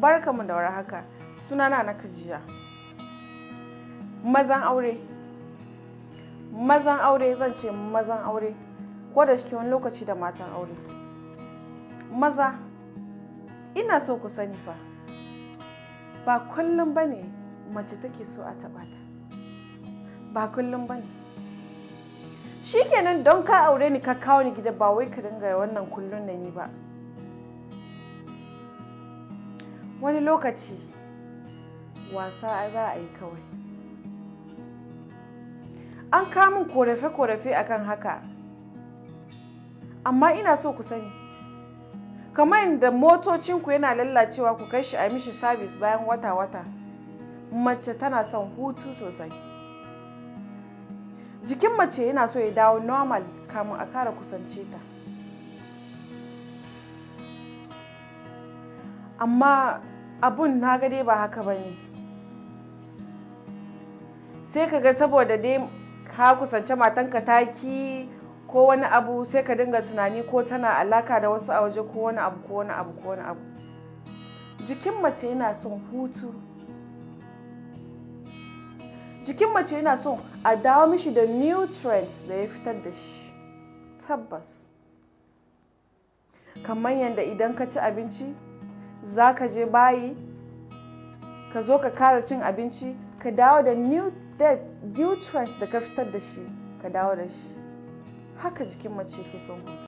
barka mu da wuri haka sunana na kajiya mazan aure mazan aure zan ce mazan aure ko da shi wani lokaci da matan aure maza ina so ku sani fa ba kullum ba ne mace take so a taɓa ta ba kullum ba ne shikenan don ka aure ni ka kawo ni gida ba wai ka dinga wannan kullum na ni ba wani lokaci wasa za a yi kawai an kamun korafe-korafe akan haka amma ina so ku sani kamar inda motocinku yana lallacewa ku kai shi a mishi sabis bayan wata-wata mace tana son hutu sosai jikin mace yana so ya dawo normal kamun a kara kusance ta amma abun na dai ba haka ba ne sai ka ga saboda dai ka kusance matanka taki ko wani abu sai ka dinga tunani ko tana alaka da wasu a waje ko wani abu ko wani abu ko wani abu jikin mace yana son hutu jikin mace yana son a dawo mishi da nutrients da ya fitar da shi tabbas kamar yadda idan ka ci abinci za ka je bayi ka zo ka kara cin abinci ka dawo da new nutrients da ka fitar da shi ka dawo da shi haka jikin mace ke son